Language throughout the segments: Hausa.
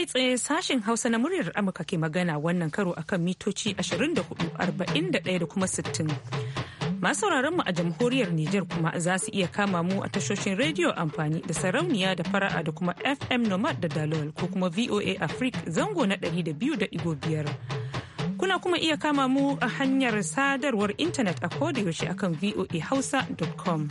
Kai tsaye sashen Hausa na muryar Amurka ke magana wannan karo akan mitoci 24,41 da kuma 60. Masu mu a jamhuriyar Nijar kuma za su iya kama mu a tashoshin rediyo amfani da sarauniya da fara'a da kuma FM Nomad da Dalol ko kuma VOA Africa zango na 200.5. kuna kuma iya kama mu a hanyar sadarwar intanet a kodayaushe akan voahausa.com.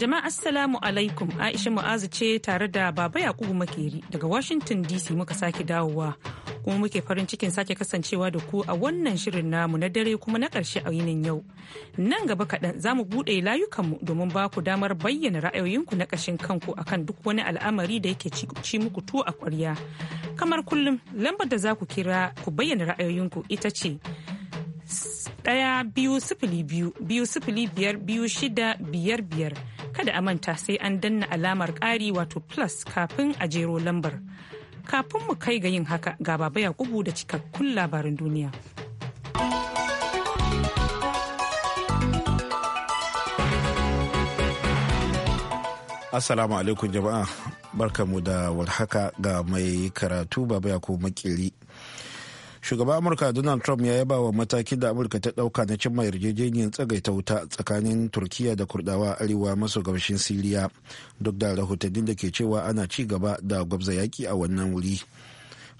Jama'a Assalamu alaikum Aisha Mu'azu ce tare da Baba Yakubu Makeri daga Washington DC muka sake dawowa kuma muke farin cikin sake kasancewa da ku a wannan shirin namu na dare kuma na ƙarshe a yinin yau. Nan gaba kaɗan za mu buɗe layukanmu domin ba ku damar bayyana ra'ayoyinku na ƙashin kanku akan duk wani al'amari da yake ci muku tuwo a ƙwarya. Kamar kullum lambar da za ku kira ku bayyana ra'ayoyinku ita ce ɗaya biyu sifili biyu biyu sifili biyar biyu shida biyar biyar. kada a manta sai an danna alamar ƙari wato plus kafin a jero lambar kafin mu kai ga yin haka ga baba yakubu da cikakkun labarin duniya assalamu alaikum jama'a barkamu da warhaka ga mai karatu baba yakubu makili shugaban amurka donald trump ya yaba wa mataki da amurka ta dauka na cimma yarjejeniyar tsagaita wuta tsakanin turkiya da kurdawa arewa maso gabashin siriya duk da rahotannin da ke cewa ana ci gaba da gwabza yaki a wannan wuri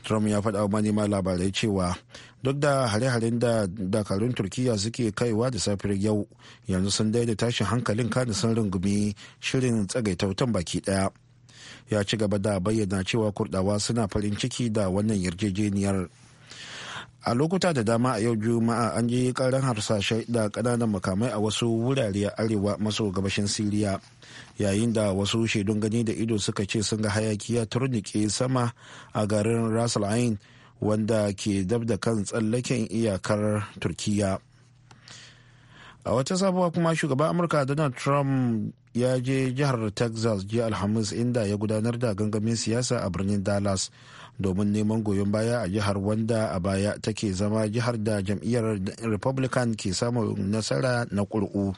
trump ya faɗa wa manema labarai cewa duk da hare-haren da dakarun turkiya suke kaiwa da safiyar yau yanzu sun daida tashin hankalin kada sun rungumi shirin tsagaita wutan baki daya ya ci gaba da bayyana cewa kurdawa suna farin ciki da wannan yarjejeniyar a lokuta da dama a yau juma'a an ji karin harsashe da kananan makamai a wasu wurare a arewa maso gabashin siriya yayin da wasu shaidun gani da ido suka ce sun ga hayaki ya turnike sama a garin ras ain wanda ke dab da kan tsallaken iyakar turkiya a wata sabuwa kuma shugaban amurka donald trump ya je jihar texas jiya alhamis inda ya gudanar da gangamin siyasa a birnin dallas domin neman goyon baya a jihar wanda a baya take zama jihar da jam'iyyar republican ke samun nasara na ƙuri'u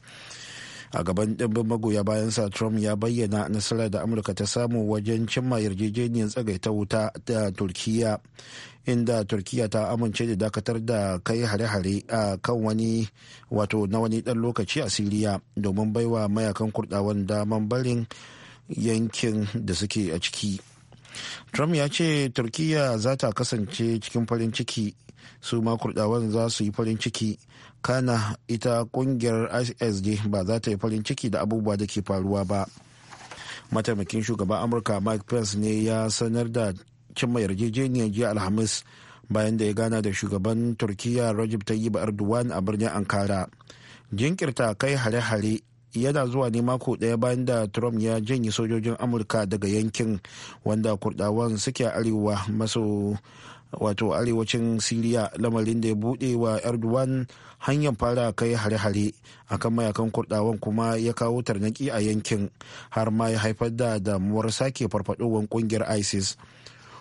a gaban ɗimbin magoya bayansa trump ya bayyana nasarar da amurka ta samu wajen cimma yarjejeniyar tsagaita wuta da turkiya inda turkiya ta amince da dakatar da kai hare-hare a kan wani wato na wani ɗan lokaci a siriya domin baiwa mayakan kurdawan daman barin yankin da suke a ciki. trump ya ce turkiyya za ta kasance cikin farin ciki su ma kurdawan za su yi farin ciki kana ita kungiyar isd ba za ta yi farin ciki da abubuwa da ke faruwa ba mataimakin shugaban amurka mike pence ne ya sanar da cimma yarjejeniyar jiya alhamis bayan da ya gana da shugaban turkiya yi tayyip erdogan a birnin ankara jinkirta kai hare-hare yana zuwa ne mako daya bayan da trump ya janye sojojin amurka daga yankin wanda kurdawan suke arewa maso wato arewacin siriya lamarin da ya bude wa erdogan hanyar fara kai hare-hare akan mayakan kurdawan kuma ya kawo tarnaki a yankin har ma ya haifar da damuwar sake farfadowar kungiyar isis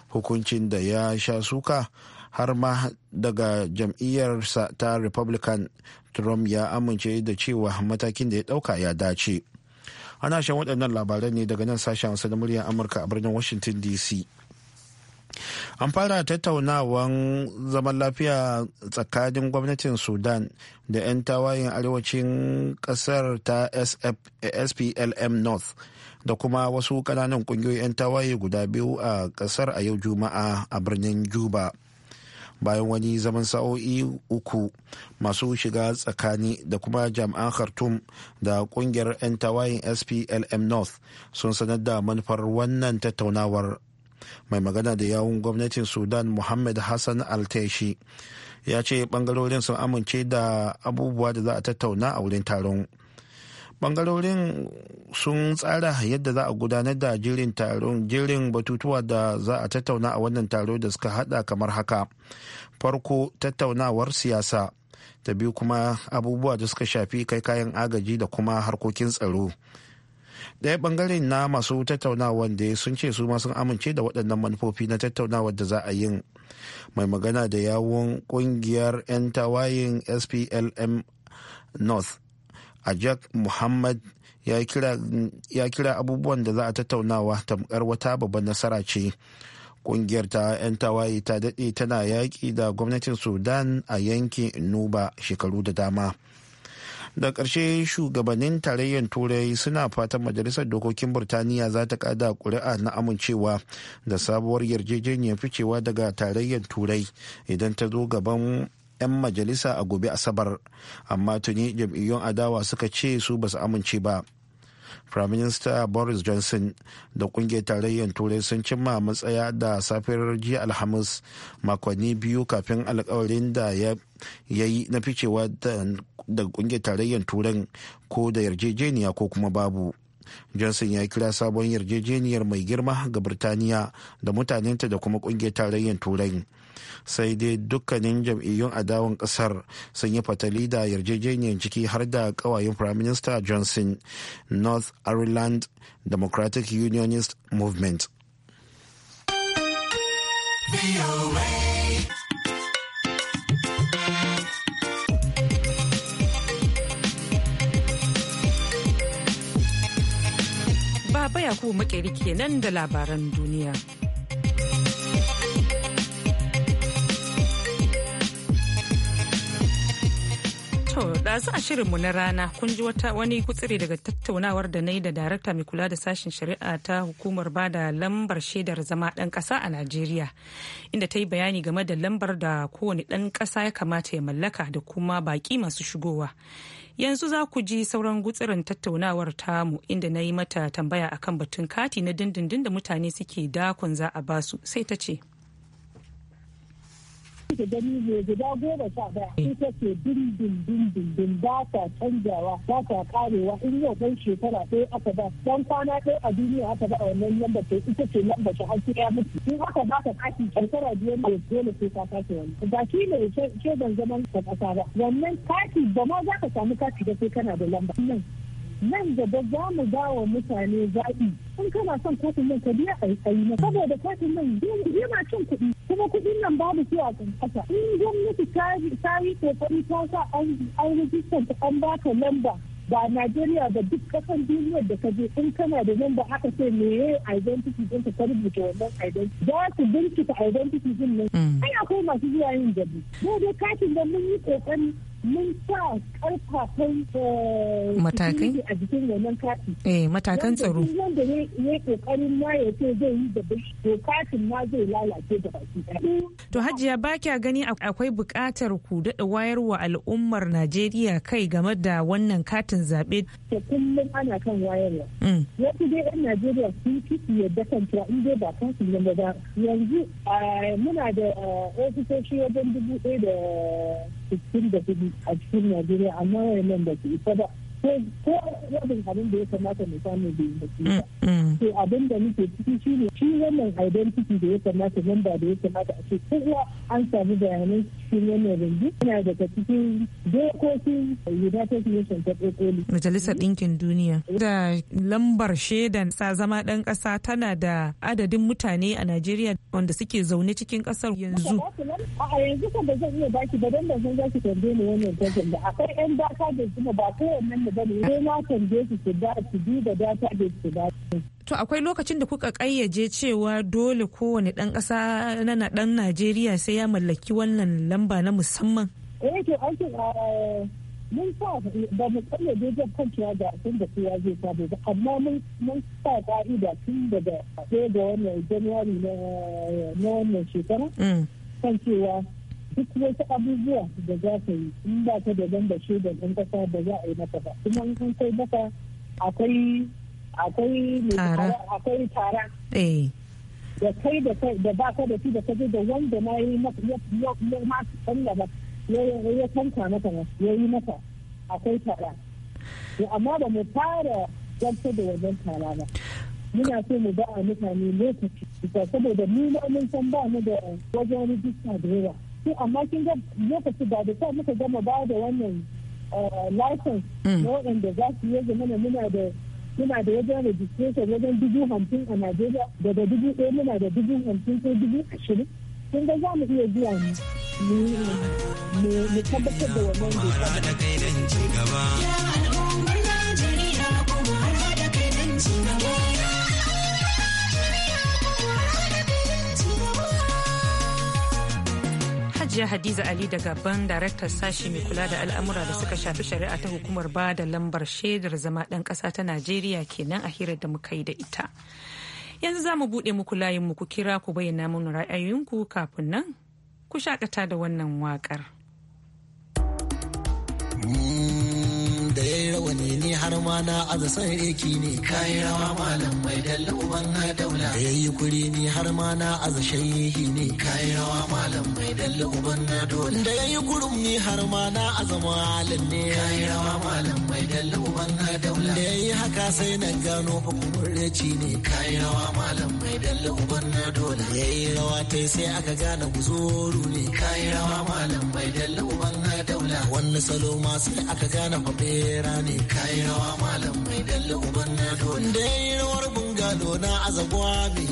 hukuncin da ya sha suka har ma daga jam'iyyarsa ta republican trump ya amince da cewa matakin da ya dauka ya dace ana shan waɗannan labaran ne daga nan sashen hausa na muryar amurka a birnin washington dc an fara tattaunawan zaman lafiya tsakanin gwamnatin sudan da 'yan tawayen arewacin kasar ta splm north da kuma wasu ƙananan ƙungiyoyin 'yan tawaye guda biyu a kasar a yau juma'a a birnin juba bayan wani zaman sa'o'i uku masu shiga tsakani da kuma jami'an khartoum da kungiyar 'yan tawayin splm north sun sanar da manufar wannan tattaunawar mai magana da yawun gwamnatin sudan muhammad hassan alteshi ya ce bangarorin sun amince da abubuwa da za a tattauna a wurin taron bangarorin sun tsara yadda za a gudanar da jirin taron jirin batutuwa da za a tattauna a wannan taro da suka hada kamar haka farko tattaunawar siyasa ta biyu kuma abubuwa da suka shafi kai kayan agaji da kuma harkokin tsaro ɗaya bangaren na masu tattaunawa da sun ce su ma sun amince da waɗannan manufofi na tattaunawa da za a yi mai magana da yawon ƙungiyar 'yan tawayin splm north a ajak muhammad ya kira abubuwan da za a tattaunawa tamkar wata babban nasara ce kungiyar ta 'yan tawaye ta daɗe tana yaƙi da gwamnatin sudan a yankin nuba shekaru da dama da ƙarshe shugabannin tarayyar turai suna fatan majalisar dokokin burtaniya za ta kada ƙuri'a na amincewa da sabuwar yarjejeniyar ficewa daga tarayyar turai idan ta zo gaban 'yan majalisa a gobe asabar amma tuni jam'iyyun adawa suka ce su ba su amince ba prime minister boris johnson da kungiyar tarayyar turai sun cimma matsaya da safiyar jiya alhamis makonni biyu kafin alkawarin da ya yi na ficewa da kungiyar tarayyar turai ko da yarjejeniya ko kuma babu johnson ya kira sabon yarjejeniyar mai girma ga birtaniya da mutanenta da kuma kungiyar tarayyar turai sai dai dukkanin jam'iyyun adawan kasar sun yi fatali da yarjejeniyar ciki har da kawayen prime minister johnson north ireland democratic unionist movement Baba Yakubu Makeri kenan da labaran duniya. To, ɗazu a shirinmu na rana kun ji wata wani kutsiri daga tattaunawar da na yi da darakta mai kula da sashen shari'a ta hukumar ba da lambar shaidar zama ɗan ƙasa a Najeriya, inda ta yi bayani game da lambar da kowane ɗan ƙasa ya kamata ya mallaka da kuma baki masu shigowa. Yanzu za ku ji sauran gutsirin tattaunawar tamu inda na yi mata tambaya akan batun kati na dindindin da mutane suke dakon za a basu sai ta ce. Kika gani ne guda goma sha daya eh. ita ce dindin dindin din ba ta canjawa ba ta karewa in yau ban shekara sai aka ba dan kwana ɗaya a duniya aka ba wannan lambar ta ita ce lambar ta har ya mutu in aka ba ka kaki shekara biyar ne dole sai ka sake wani ba shi ne ban zaman ka kasa ba wannan kati ba ma za ka samu kati da sai kana da lamba. nan gaba za mu ba wa mutane zaɓi in kana son kotun nan ka biya a tsaitsayi na saboda katin nan yana cin kuɗi kuma kuɗin nan babu su a kankasa in gwamnati ta yi kokari ta sa an rijistar an baka lamba ba Najeriya ba duk kasan duniyar da ka je in kana da lamba aka sai me identity din ka rubuta wannan identity za su bincika identity din nan mm. ai akwai masu zuwa yin jabi Gobe, dai katin da mun yi kokari mun sa karfafan eh, matakai a jikin wannan kati. Eh matakan tsaro. Wanda ya yi kokarin ma ya ce zai yi da to katin ma zai lalace da baki To Hajiya ba kya gani akwai buƙatar ku daɗa wayar wa al'ummar Najeriya kai game da wannan katin zaɓe. To kullum ana kan wayarwa. Mm. Wasu dai 'yan Najeriya sun fi yadda kan cewa in dai ba katin zama ba yanzu eh, muna da eh, ofisoshi wajen dubu ɗaya da sittin da hudu. a cikin najeriya amma yayin da ke isa ba ko wajen abin da ya kamata mu samu da yin mm, mm. to abin da muke ciki shi ne shi wannan identity da ya kamata memba da ya kamata a ce kowa an samu bayanan cikin cikin dokokin ta Kokoli. Majalisar Ɗinkin Duniya. Da lambar shaidan sa zama ɗan ƙasa tana da adadin mutane a Najeriya wanda suke zaune cikin ƙasar yanzu. A yanzu kan da zan iya baki ba don da zan zaki tambaye ni wannan tantan da akwai ƴan data da zuma ba kowannen da bane. Sai na tambaye su su da su duba data da su ba. to akwai lokacin da kuka ƙayyaje cewa dole kowane ɗan ƙasa na ɗan najeriya sai ya mallaki wannan lamba na musamman yake eh, aikin eh, mun sa ba mu ƙayyade zai kwanciya da abin da kowa zai samu ba amma mun sa ka'ida tun daga ɗaya da wannan januwari na wannan shekara mm. kan cewa duk wasu abubuwa da za ka yi in ba ta da zan da shaidar ɗan ƙasa ba za a yi mata ba kuma in kai maka akwai akwai tara eh. da kai da da baka da shi da kaje da wanda na yi maka ya ma ba ya ya tanka maka ya yi maka akwai tara amma ba mu fara zartar da wajen tara ba muna so mu ba a mutane lokaci saboda mu ma mun san ba mu da wajen rijista da yawa to amma kin ga lokaci ba da sa muka gama ba da wannan eh, license mm. na waɗanda za su yi zama muna da muna da wajen registration wajen dubu hamsin a najeriya daga dubu ɗaya muna da dubu hamsin ko dubu ashirin kun ga za mu iya zuwa ne mu tabbatar da wannan dokar. hajiya hadiza ali da gaban daraktar sashi mai kula da al'amura da suka shafi shari'a ta hukumar ba da lambar shaidar zama ɗan ƙasa ta najeriya kenan a hirar da muka yi da ita yanzu za mu buɗe muku layin mu ku kira ku bayyana mana ra'ayoyinku kafin nan ku shakata da wannan waƙar. Mm. har ma na aza san reki ne kai rawa malam mai dalla uban na daula da yayi kuri ni har ma na aza shehi ne kai rawa malam mai dalla uban na dole da yayi kurum ni har ma na aza malam ne kai rawa malam mai dalla uban na daula da yayi haka sai na gano hukumar ci ne kai rawa malam mai dalla uban na dole yayi rawa ta sai aka gane guzuru ne kai rawa malam mai dalla uban na daula wannan salo ma sai aka gane fabera ne kai rawa rawa malam mai dalli uban na dole. Da ya yi rawar bunga gado na azagwa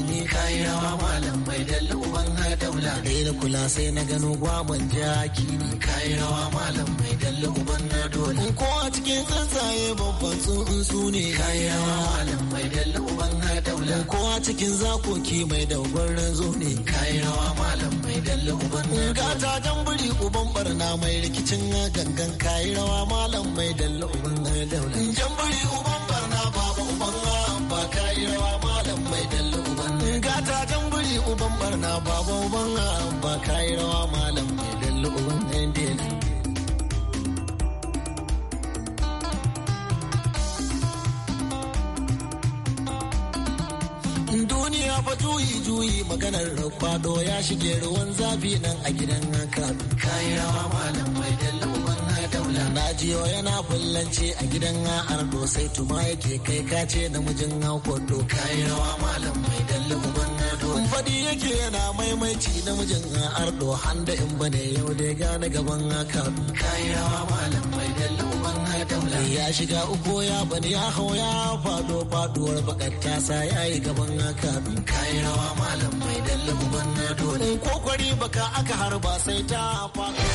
ne kayi rawa malam mai dalli uban na daula dai da kula sai na gano gwaban jaki ne kayi rawa malam mai dalli uban na dole ko a cikin tsantsaye babban su ne kayi rawa malam mai dalli uban na daula ko a cikin zakoki mai dogon ranzo ne kayi rawa malam mai dalli uban na daula gata jan buri uban barna mai rikicin gangan kayi rawa malam mai dalli uban na daula jan buri uban uban ba ka uban gata jan uban barna baba uban ba ka yi malam mai dallo uban duniya fa juyi juyi maganar kwado ya shige ruwan zafi nan a gidan haka malam mai dallo na jiyo yana kullance a gidan ardo sai tuma yake kai kace namijin hakoto kayi rawa malam mai dalli uban ado fadi yake yana maimaici namijin ardo handa in bane yau dai gane gaban haka kayi rawa malam mai dalli uban ado ya shiga uku ya bani ya hau ya fado faduwar bakar tasa yayi gaban haka kayi rawa malam mai dalli uban ado kokari baka aka harba sai ta fado.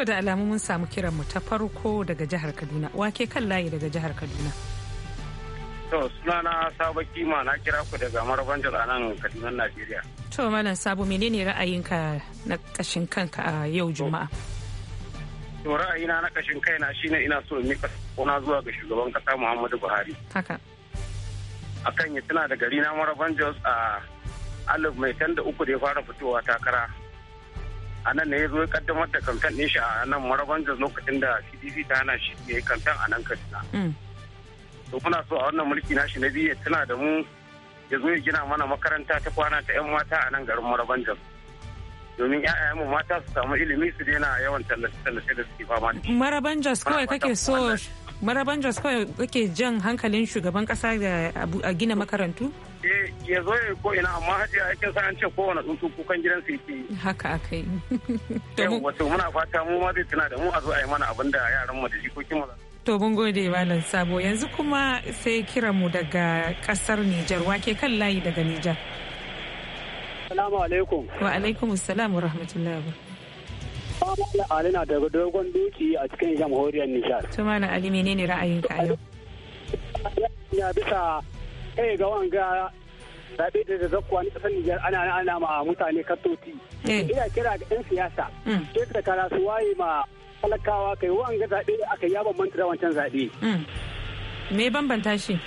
To da alamu mun samu kiran mu ta farko daga jihar Kaduna. Wake kan layi daga jihar Kaduna. To sunana Sabo Kima na kira ku daga Maraban a nan Kaduna Najeriya. To Malam Sabo menene ra'ayinka na kashin kanka a yau Juma'a? To ra'ayina na kashin kaina shine ina so in mika kona zuwa ga shugaban kasa Muhammadu Buhari. Haka. Akan ya tuna da gari na Maraban Jos a alif mai tan da uku da ya fara fitowa takara a nan ne ya zo ya kaddamar da kankan ɗin shi a nan maraban da lokacin da cdc ta hana shi ya kankan a nan kaduna mm. to muna so a wannan mulki nashi na biyu ya tuna da mu ya zo ya gina mana makaranta ta kwana ta 'yan mata a nan garin maraban da domin mu mata su samu ilimi su daina yawan tallace-tallace da suke fama da maraban jos kawai kake so maraban jos kawai kake jan hankalin shugaban kasa a gina makarantu Eh, ya zo ya ko ina amma hajiya aikin sa an ce wani tsuntsu kukan gidan su yake haka aka yi wato muna fata mu ma zai tuna da mu a zo a yi mana abin da yaran mu da jikokin mu to mun gode malam sabo yanzu kuma sai kira mu daga kasar Nijar wake kan layi daga Nijar Assalamu alaikum. Wa alaikum assalam wa rahmatullahi wa barakatuh. Ali na daga dogon duki a cikin jamhuriyar Nijar. To Ali menene ra'ayinka a yau? Ya bisa sai ga wanga zaɓe da zakkuwa na ƙasar Nijar ana ana ma mutane kattoti. Eh. Ina kira ga 'yan siyasa. Ke ka kara su waye ma talakawa kai wanga zaɓe aka yaba ya bambanta wancan zaɓe. Mm. Me bambanta shi?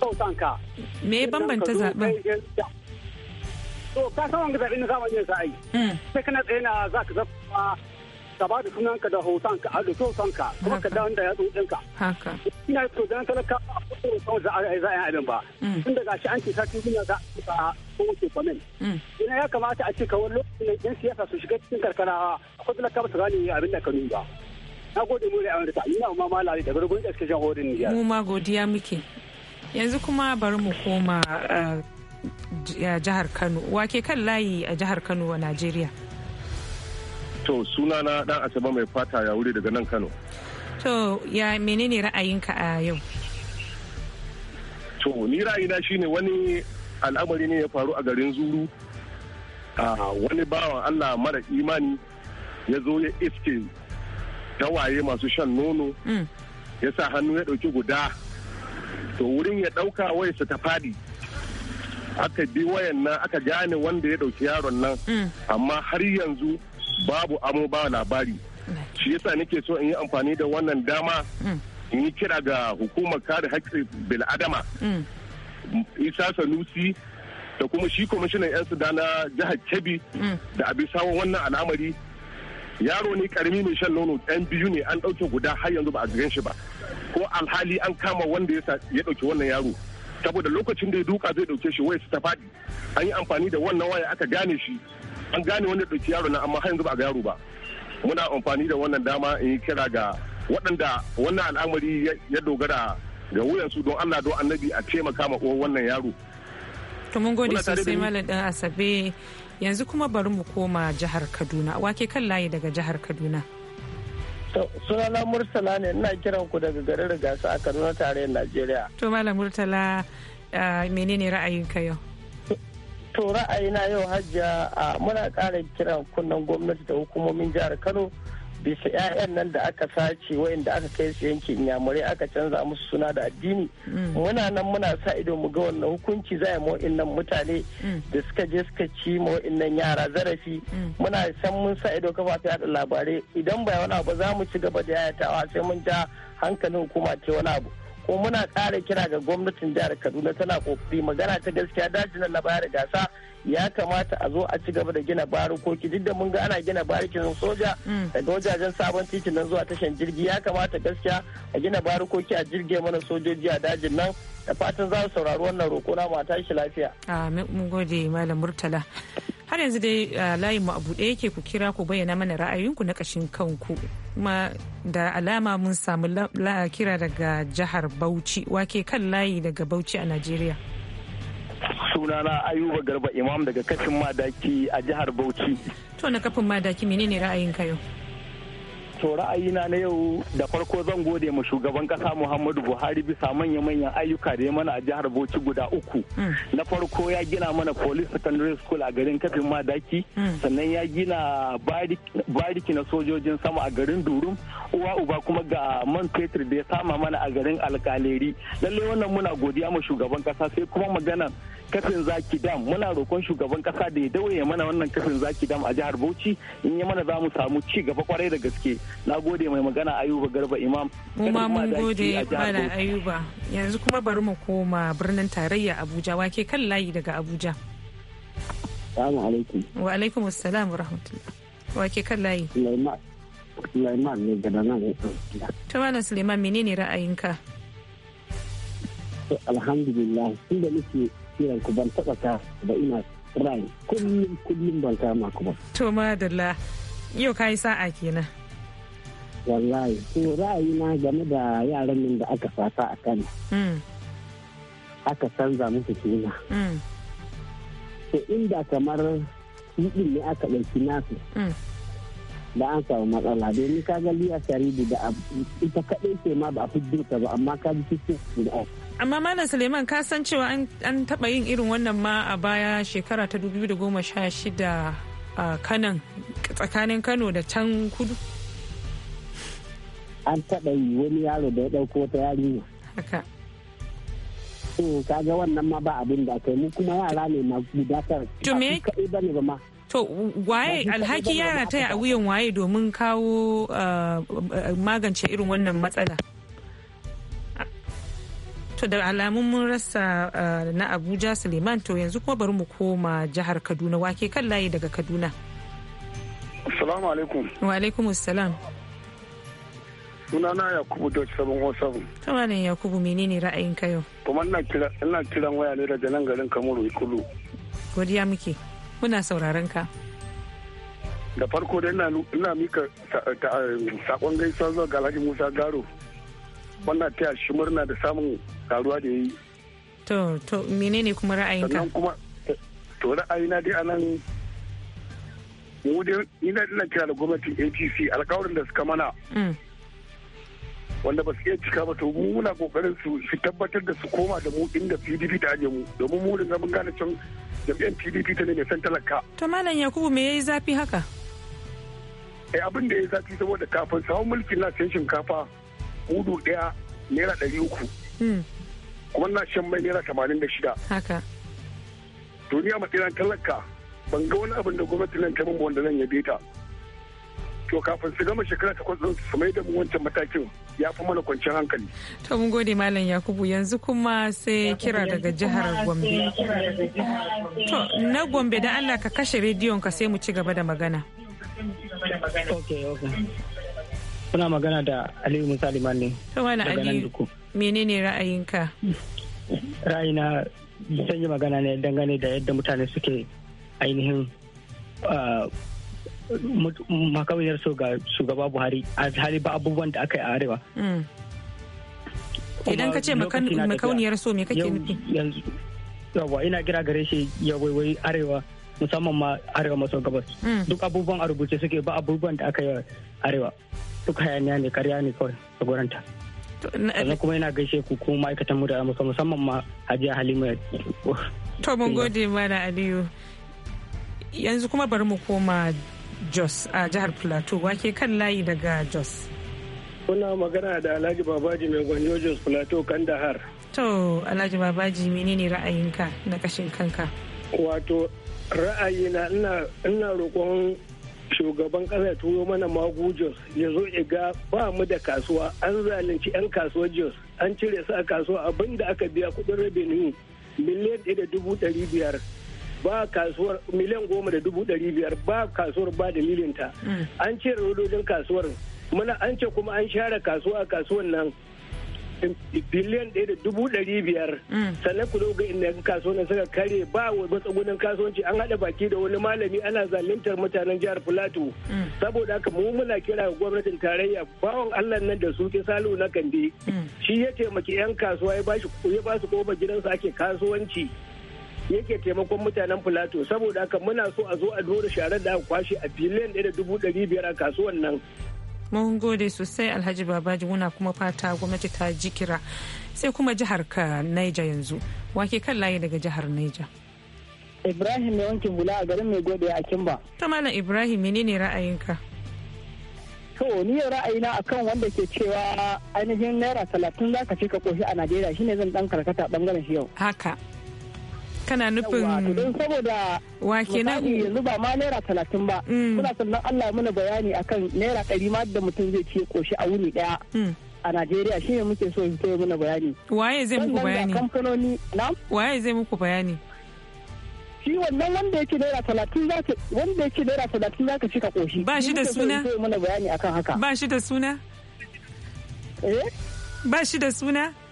Sautanka. Me bambanta zaɓen? To ka san wanga zaɓe na zamanin sa'ai. Mm. Sai kana tsaye na za ka zaɓa ka ba da sunanka da hotonka a da kuma ka dawo da yatsun ka. Haka. Ina to dan talaka a kusurin kawai za a yi abin ba. Mm. Tun daga shi an ce cikin duniya za a kowace kwamin. Mm. Ina ya kamata a ce kawai lokacin da 'yan siyasa su shiga cikin karkara akwai talaka ba su gane abin da ka nuna ba. Na gode mu da yawon rita, ina ma malari da gurgun suke jan horin Mu ma godiya muke. Yanzu kuma bari mu koma eh, eh, jihar Kano. Wake kan layi a jihar Kano a Najeriya. To sunana dan Asaba mai fata ya wuri daga nan Kano. To ya menene ra'ayinka a yau? To ni ra'ayina shine wani al'amari ne ya faru a garin Zuru. wani bawan Allah mara imani ya zo ya iske tawaye masu shan nono mm. ya sa hannu ya ɗauki guda to wurin ya ɗauka su ta fadi aka bi wayan nan aka gane wanda ya ɗauki yaron nan mm. amma har yanzu babu amo ba labari shi yasa nake so in yi amfani da wannan dama mm. in yi kira ga hukumar kare haƙƙin bil'adama mm. isa sanusi da kuma shi kwamishinan 'yan su na jihar kebbi mm. da abin sawa wannan al'amari yaro ne karami mai shan nono ɗan biyu ne an ɗauke guda har yanzu ba a gan shi ba ko alhali an kama wanda ya ɗauki wannan yaro saboda lokacin da ya duka zai ɗauke shi waya ta faɗi an yi amfani da wannan waya aka gane shi an gane wanda ɗauki yaro na amma har yanzu ba ga yaro ba muna amfani da wannan dama in yi kira ga waɗanda wannan al'amari ya dogara ga wuyansu don Allah don annabi a taimaka ma wannan yaro. To mun gode sosai malam ɗan Asabe yanzu kuma bari mu koma jihar Kaduna wake kan layi daga jihar Kaduna. sunana Murtala ne ina kiran ku daga garin gasa a Kaduna tarayyar Najeriya. To malam Murtala ah, menene ra'ayinka yau? to ra'ayina yau hajiya a muna ƙara kiran kunnen gwamnati da hukumomin jihar kano bisa 'ya'yan nan da aka sace wayanda aka kai su yankin inyamurai aka canza musu suna da addini mm. muna nan muna sa ido mu ga wannan hukunci za yi nan mutane mm. da suka je suka ci ma nan yara zarafi mm. muna san mun sa ido kafafen yada labarai idan ba wani abu za mu ci gaba da yayatawa sai mun ja hankalin hukuma ce wani abu ko muna kara kira ga gwamnatin jihar kaduna tana kokari magana ta gaskiya dajinan na da gasa ya kamata a zo a ci gaba da gina barukoki duk da mun ga ana gina barikin soja mm. daga wajajen sabon titin nan zuwa tashan jirgi ya kamata gaskiya a gina barukoki a jirge mana sojoji a dajin nan da fatan za su saurari wannan roƙo na mata shi lafiya. Amin mun gode Malam Murtala. har yanzu dai layin mu a buɗe yake ku kira ku bayyana mana ra'ayinku na ƙashin kanku kuma da alama mun samu kira daga jihar bauchi wake kan layi daga bauchi a najeriya sunana ayuba garba imam daga kafin madaki a jihar bauchi to na kafin madaki menene ra'ayinka yau To ra'ayina na yau da farko zan gode ma shugaban kasa Muhammadu Buhari bisa manya-manyan ayyuka da ya mana a jihar Bauchi guda uku. Hmm. Na farko ya gina mana police secondary school a garin Kafin Madaki, hmm. sannan ya gina bariki na sojojin sama a garin Durum, uwa uba kuma ga man fetur da ya sama mana a garin Alkaleri. lallai wannan muna godiya ma shugaban kasa sai kuma magana kafin zaki dam muna roƙon shugaban kasa da ya ya mana wannan kafin zaki dam a jihar Bauchi in ya mana zamu samu ci gaba kwarai da gaske na gode mai magana Ayuba Garba Imam kuma mun gode mana Ayuba yanzu kuma bari mu koma birnin tarayya Abuja wake kan layi daga Abuja Assalamu alaikum wa alaikum assalam wa rahmatullah wake kan layi Suleiman ne daga nan to mana Suleiman menene ra'ayinka alhamdulillah tun da nake kiran ku ban taba ta ba ina rai kullum kullum ban ta ma kuma. To madalla yau ka yi sa'a kenan. Wallahi to na game da yaran nan da aka fata a kan. Hmm. Aka canza musu kina. Hmm. To inda kamar yiɗin ne aka ɗauki nasu. Hmm. da an samu matsala ka kaga liya sharibi da ita kaɗai ce ma ba a fi ta ba amma ka ji cikin da amma malam suleiman ka san cewa an taba yin irin wannan ma a baya shekara ta 2016 a kanan tsakanin kano da can kudu an taba yi wani yaro da ya dauko ta yarinya haka to kaga wannan ma ba abin da aka yi mu kuma yara ne ma gudatar to me kai bane ba ma to waye alhaki yara ta a wuyan waye domin kawo eh, magance irin wannan matsala To da alamun mun rasa eh, na Abuja Suleiman to yanzu kuma bari mu koma jihar Kaduna wake kan layi daga Kaduna. Assalamu alaikum. Wa alaikum assalam. Sunana Yakubu Dodge 717. ne Yakubu menene ra'ayin ka yau? Kuma ina kira ina kiran waya ne daga nan garin Kamaru Ikulu. Godiya muke. Muna sauraron ka. Da farko dai ina mika eh, sakon gaisuwa zuwa ga Alhaji Musa Garo. Wannan taya shi murna da samun karuwa da yi to to menene kuma ra'ayinka sannan kuma to ra'ayina dai anan mu ina ina kira da gwamnatin APC alkawarin da suka mana mm. wanda ba su iya cika ba to mu muna kokarin su su tabbatar da su koma da mu inda PDP ta ajiye mu domin mu da mun gane can jam'iyyar PDP ta ne mai san talaka to malam Yakubu me yayi zafi haka eh abin da yayi zafi saboda kafin sawun mulkin na cin shinkafa hudu daya naira ɗari uku Hmm. kuma na shan mai naira tamanin da shida haka duniya matsayin kallaka ban ga wani abin da gwamnati nan ta mun wanda zan yabe ta to kafin su gama shekara takwas ɗin su mai da mu wancan matakin ya fi mana kwanciyar hankali. To mun gode Malam Yakubu yanzu kuma sai kira daga jihar Gombe. To na Gombe da Allah ka kashe rediyon ka sai mu ci gaba da magana. Ok ok. Kuna magana da Aliyu Musa limani ne. To Malam Aliyu menene ra'ayinka ra'ayina zan yi magana ne dangane da yadda mutane suke ainihin ah, makamiyar so ga shugaba buhari a hali ba abubuwan da aka yi a arewa mm. idan ka ce makauniyar so me kake nufi yawa ina kira gare shi ya waiwai arewa musamman ma arewa maso gabas mm. duk abubuwan a rubuce suke ba abubuwan da aka yi arewa duk hayaniya ne karya ne kawai a gwaranta sannan kuma yana gaishe ku ko ma'aikatan mu da amurka musamman ma hajiya halima to mun gode mana aliyu yanzu kuma bari mu koma jos a jihar plateau wake kan layi daga jos kuna magana da alhaji babaji mai gwanjo jos plateau kandahar to alhaji babaji menene ra'ayinka na kashin kanka wato ra'ayina ina roƙon shugaban kasa turo mana magu ya zo iga ba mu da kasuwa an zalunci 'yan kasuwar jos an cire su a kasuwa abinda aka biya kudin rabini miliyan da dubu dari biyar ba kasuwar miliyan goma da dubu dari biyar ba kasuwar ba dalilinta mm. an cire rododin kasuwar muna an ce kuma an share kasuwa a kasuwan nan biliyan ɗaya da dubu ɗari biyar mm. sannan ku ga inda kasuwanci suka kare ba wa matsagunan kasuwanci an haɗa baki da wani malami ana zaluntar mutanen jihar filato mm. saboda haka mu muna kira ga gwamnatin tarayya bawan allah nan da suke salu na kande mm. shi ya taimaki 'yan kasuwa ya ba su kofar gidansa ake kasuwanci yake taimakon mutanen filato saboda haka muna so a zo a dora sharar da aka kwashe a biliyan ɗaya da dubu ɗari biyar a kasuwan nan mun gode sosai alhaji babaji muna kuma fata gwamnati ta jikira sai kuma jihar ka naija yanzu wake kan layi daga jihar naija ibrahim mai wankin bula a garin mai gode a kimba ta malam ibrahim menene ra'ayinka to ni na akan wanda ke cewa ainihin naira talatin za ka ci ka koshi a najeriya shine zan dan karkata bangaren shi yau haka kana nufin don saboda wa kenan yanzu ba ma naira talatin ba mm. muna sannan Allah mana bayani akan naira ɗari ma da mutum zai ce koshi a wuni ɗaya mm. a Najeriya shi ne muke so su yi mana bayani waye zai muku bayani kamfanoni na waye zai muku bayani shi wannan wanda yake naira talatin zaka wanda yake naira talatin zaka cika koshi ba shi da suna mana bayani akan haka ba shi da suna eh ba shi da suna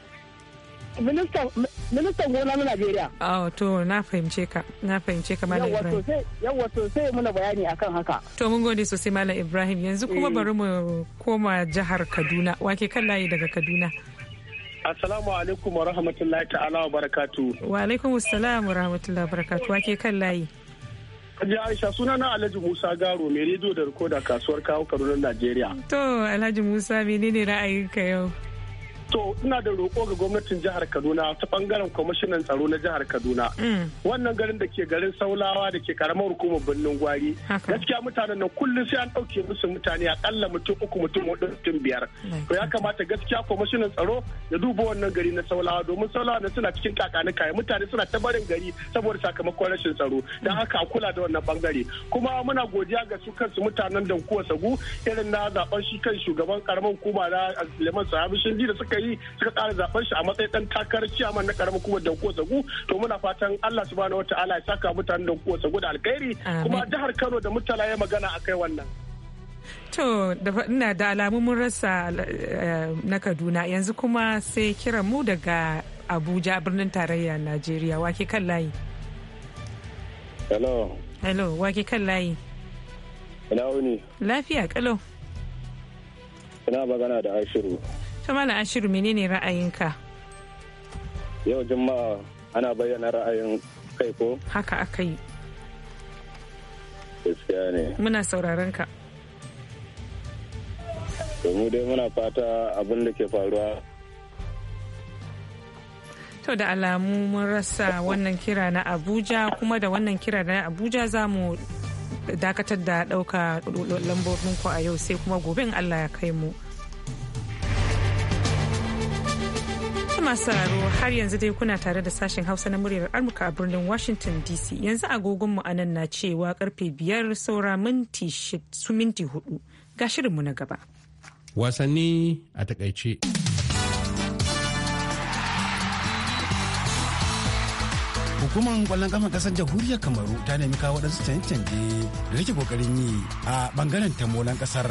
ministan gona na Najeriya. Oh, ah, to na fahimce ka, na fahimce ka Malam Ibrahim. Yawwa to sai muna bayani akan haka. To mun gode sosai Malam Ibrahim yanzu kuma eh. bari mu koma jihar Kaduna, wake kan layi daga Kaduna. Assalamu alaikum wa rahmatullahi ta'ala wa barakatu. Wa alaikum assalam wa rahmatullahi wa barakatu, wake kan layi. Kaji Aisha suna na Alhaji Musa Garo mai rediyo da rikoda kasuwar kawo Kaduna Najeriya. To Alhaji Musa menene ra'ayinka yau? to ina da roƙo ga gwamnatin jihar kaduna ta bangaren kwamishinan tsaro na jihar kaduna mm. wannan garin da ke garin saulawa da ke karamar hukumar birnin gwari gaskiya mutanen nan kullum sai an ɗauke musu mutane akalla mutum uku mutum hudu mutum biyar to ya kamata gaskiya kwamishinan tsaro ya duba wannan gari na saulawa domin saulawa na suna cikin kakanuka mutane suna ta barin gari saboda sakamakon rashin tsaro don haka a kula da wannan bangare kuma muna godiya ga su kansu mutanen kuwa sagu irin na zaben shi kan shugaban karamar hukuma na leman sahabi shindi da suka yi yi suka ƙara zaben shi a matsayin dan takarar ciyaman na karamar hukumar da ko sagu to muna fatan Allah subhanahu wataala ya saka mutanen da ko sagu da alkhairi kuma jihar Kano da mutala ya magana akai wannan To, da ina da alamu mun rasa eh, na Kaduna yanzu kuma sai kira mu daga Abuja birnin tarayya Najeriya wake kan layi. Hello. Hello, wake kan layi. Ina wuni. Lafiya, kalo. Ina magana da Aishiru. ta mala ashiru menene ra'ayinka yau juma'a ana bayyana ra'ayin kai ko haka aka yi gaskiya ne muna sauraron ka mu dai muna fata abin da ke faruwa To da alamu mun rasa wannan kira na Abuja kuma da wannan kira na Abuja za mu dakatar da ɗauka lambobin ku a yau sai kuma gobe in Allah ya kai mu. masu raro har yanzu dai kuna tare da sashen hausa na muryar amurka a birnin washington dc yanzu agogonmu a nan na cewa karfe biyar saura minti hudu ga shirinmu na gaba wasanni a takaice hukumar kwallon kafa kasar jamhuriyar kamaru ta nemi kawo waɗansu canje-canje da yake kokarin yi a bangaren tamolan kasar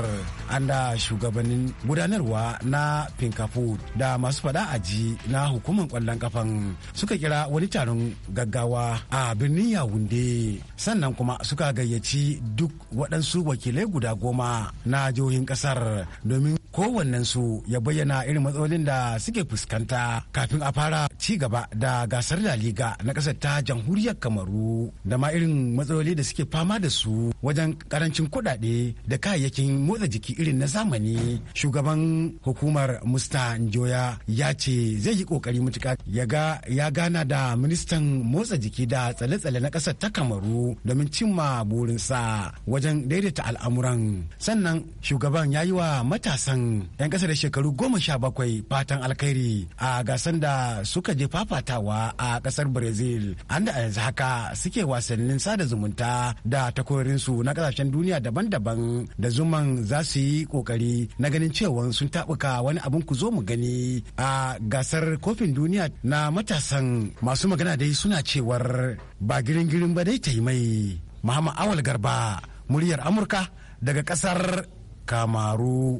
an da shugabannin gudanarwa na pinkafood da masu faɗa aji na hukumar kwallon kafan suka kira wani taron gaggawa a birnin yawunde sannan kuma suka gayyaci duk waɗansu wakilai guda goma na jihohin kasar domin kowannensu su ya bayyana irin matsalolin da suke fuskanta kafin a fara ci gaba da gasar La Liga na ƙasar ta jamhuriyar Kamaru da ma irin matsaloli da suke fama da su wajen karancin kuɗaɗe da kayayyakin motsa jiki irin na zamani. Shugaban hukumar Musta Njoya ya ce zai yi ƙoƙari mutuka ya ga ya gana da ministan motsa jiki da tsale-tsale na ƙasar ta Kamaru domin cimma burinsa wajen daidaita al'amuran. Sannan shugaban ya yi wa matasan 'yan kasa da shekaru goma sha bakwai fatan alkhairi a gasar da suka je fafatawa a kasar brazil an da yanzu haka suke wasannin sada zumunta da takwarorinsu na kasashen duniya daban-daban da zuman za su yi kokari na ganin cewa sun tabuka wani abin ku zo mu gani a gasar kofin duniya na matasan masu magana dai suna cewar ba girin-girin ba dai ta yi mai Muhammad Awal Garba muryar Amurka daga kasar Kamaru.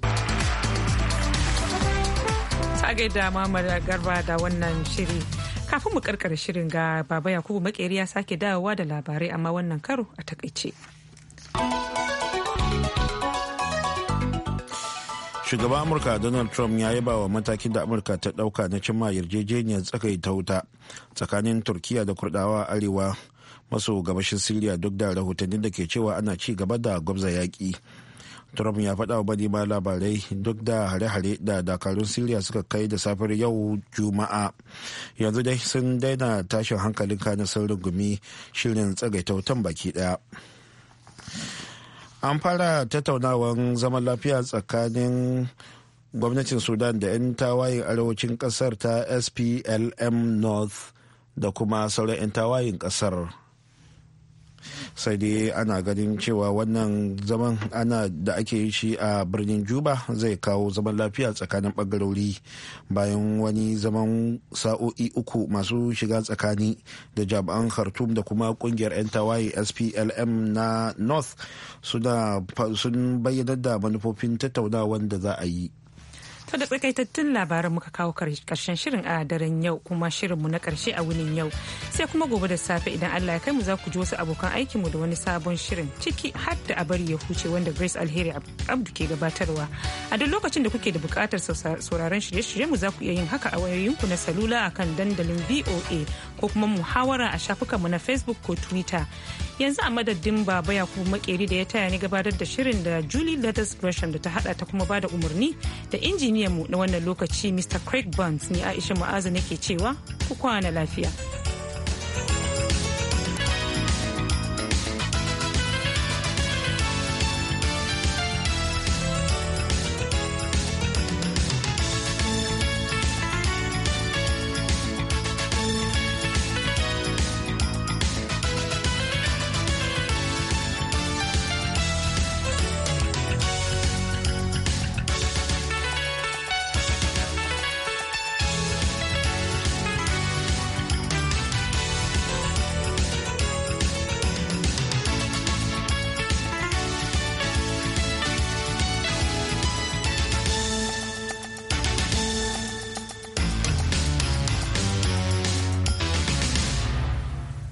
a da Muhammad Garba da wannan shiri. Kafin mu karkar shirin ga Baba Yakubu Makeri ya sake dawowa da labarai amma wannan karo a takaice. Shugaban Amurka Donald Trump ya yaba wa matakin da Amurka ta ɗauka na cimma yarjejeniyar tsakai ta wuta tsakanin Turkiya da Kurdawa arewa maso gabashin Siriya duk da rahotanni da ke cewa ana ci gaba da gwabza yaƙi. trump ya faɗa wa ba labarai duk da hare-hare da dakarun siriya suka kai da safar yau juma'a yanzu dai sun daina tashin hankalin kanin sun rungumi shirin tsagaita wutan baki ɗaya an fara tattaunawar zaman lafiya tsakanin gwamnatin sudan da 'yan tawayin arewacin kasar ta splm north da kuma sauran 'yan tawayin kasar sai dai ana ganin cewa wannan zaman ana da ake yi shi a birnin juba zai kawo zaman lafiya tsakanin bangarori bayan wani zaman sa'o'i uku masu shiga tsakani da jami'an khartoum da kuma kungiyar 'yan tawaye splm na north sun bayyana da manufofin tattaunawan da za a yi To da tsakaitattun labaran muka kawo karshen shirin a daren yau kuma shirin mu na karshe a wunin yau. Sai kuma gobe da safe idan Allah ya kai mu za ku ji wasu abokan aikinmu da wani sabon shirin ciki har da a bari ya huce wanda Grace Alheri Abdu ke gabatarwa. A duk lokacin da kuke da bukatar sauraron shirye-shirye mu za ku iya yin haka a wayoyinku na salula akan dandalin VOA ko kuma muhawara a shafukanmu na Facebook ko Twitter. yanzu a madadin baba ya kuma makeri da ya taya ni gabatar da shirin da julie letters gresham da ta hada ta kuma bada umarni da injiniyan mu na wannan lokaci mr craig burns ne aisha ma'aza nake cewa ku kwana lafiya